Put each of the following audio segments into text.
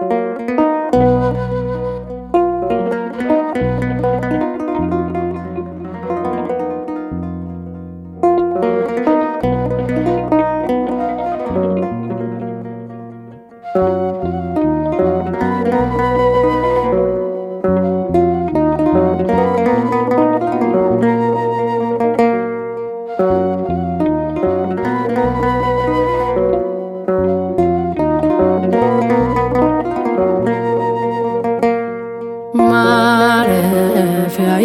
Música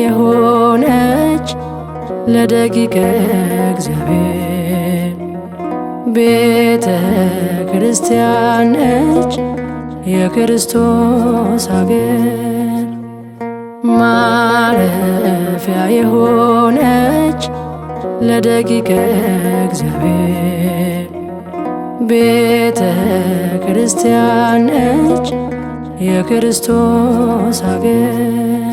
የሆነች ለደቂቀ እግዚአብሔር ቤተ ክርስቲያን ነች የክርስቶስ አገር ማረፊያ የሆነች ለደቂቀ እግዚአብሔር ቤተ ክርስቲያን ነች የክርስቶስ አገር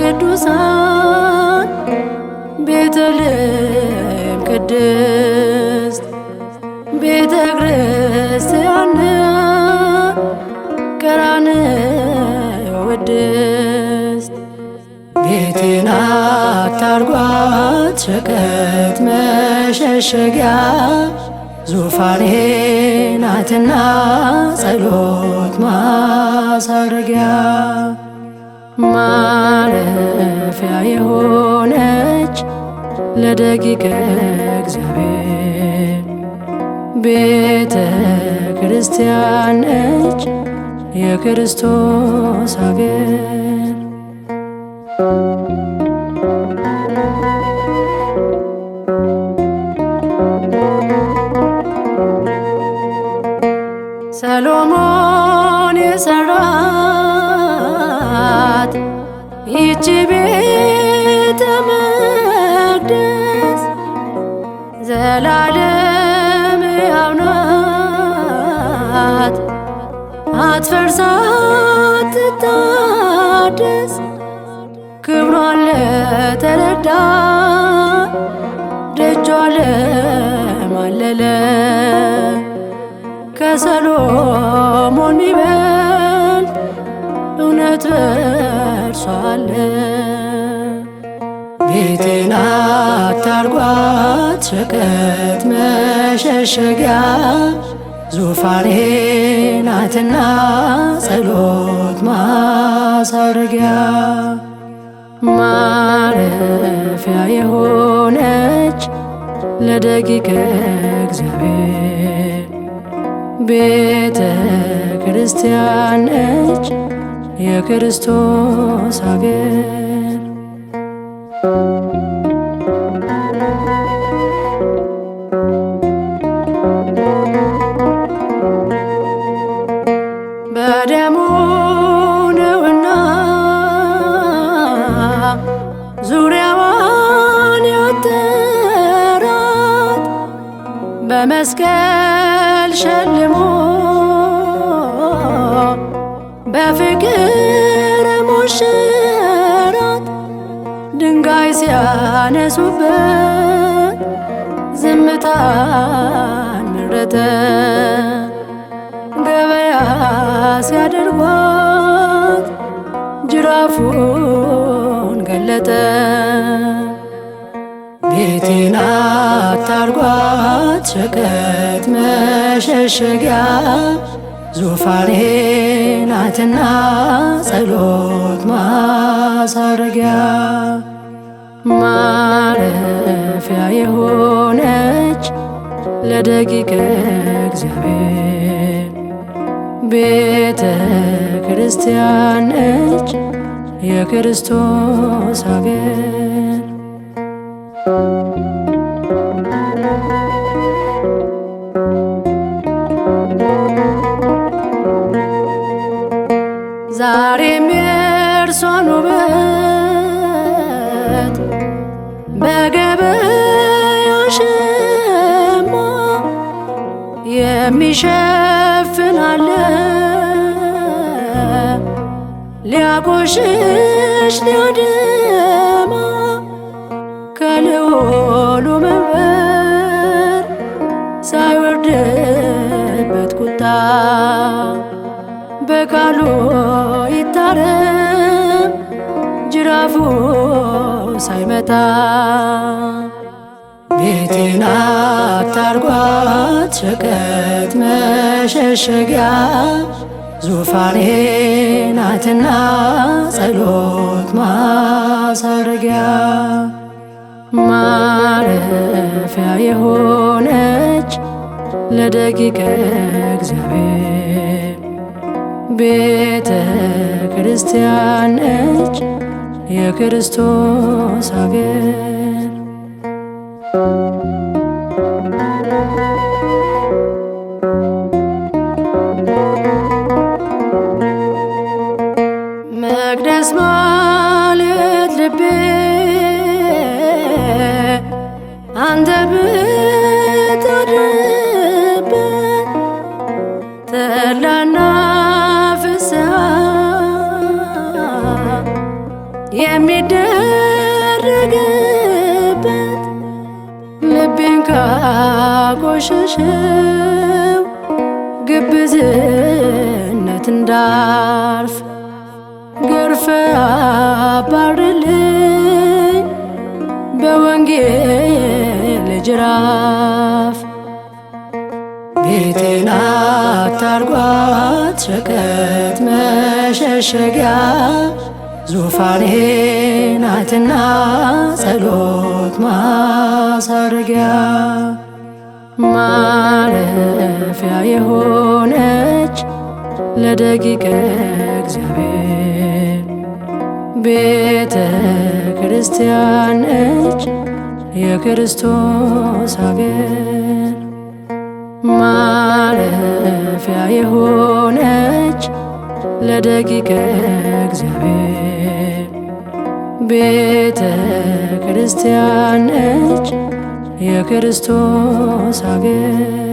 ቅዱሳን ቤተልሔም ቅድስት ቤተ ክርስቲያን ቀራንዮ ቅድስት ቤቴን አታርጓት ሸቀጥ መሸሸጊያ ዙፋኔ ናትና ጸሎት ማሳረጊያ ማረፊያ የሆነች ለደቂቀ እግዚአብሔር ቤተ ክርስቲያን ነች የክርስቶስ አገር ይቺ ቤተ መቅደስ ዘላለም ሕያው ናት፣ አትፈርስ አትታደስ። ክብሯን ለተረዳ ደጇ ለማለለ ከሰሎሞን ይበልጥ እውነት ሳለ ቤቴን አታርጓት ሸቀጥ መሸሸጊያ ዙፋኔ ናትና ጸሎት ማሳረጊያ ማረፊያ የሆነች ለደቂቀ እግዚአብሔር ቤተ ክርስቲያን ነች። የክርስቶስ አገር በደሙ ነውና ዙሪያዋን ያጠራት በመስቀል ሸልሞ በፍቅር ሞሽራት ድንጋይ ሲያነሱበት ዝምታን መረተ ገበያ ሲያደርጓት ጅራፉን ገለጠ። ቤቴን አታርጓት ሸቀጥ መሸሸጊያ ዙፋኔ ናትና ጸሎት ማሳረጊያ ማረፊያ የሆነች ለደቂቀ እግዚአብሔር ቤተ ክርስቲያን ነች የክርስቶስ ሀገር ዛሬም የእርሷን ውበት በገበያሽ እማ የሚሸፍን አለ ሊያቆሽሽ ሊያደማ ከልዑሉ መንበር ሳይወርድበት ቁጣ በቃሉ ይታረም ጅራፉ ሳይመታ ቤቴን አታርጓት ሸቀጥ መሸሸጊያ ዙፋኔ ናትና ጸሎት ማሳረጊያ ማረፊያ የሆነች ለደቂቀ እግዚአብሔር ቤተ ክርስቲያን ነች የክርስቶስ አገር። መቅደስ ማለት ልቤ አንተ ብታድርበት የሚደረግበት ልቤን ካቆሸሸው ግብዝነት እንዳርፍ ገርፈ አባርልኝ በወንጌል ጅራፍ ቤቴን አታርጓት ሸቀት መሸሸጊያ ዙፋኔ ናትና ጸሎት ማሳረጊያ ማረፊያ የሆነች ለደቂቀ እግዚአብሔር ቤተ ክርስቲያን ነች የክርስቶስ ሀገር ማረፊያ የሆነች ለደቂቀ እግዚአብሔር ቤተ ክርስቲያን ነች የክርስቶስ አገር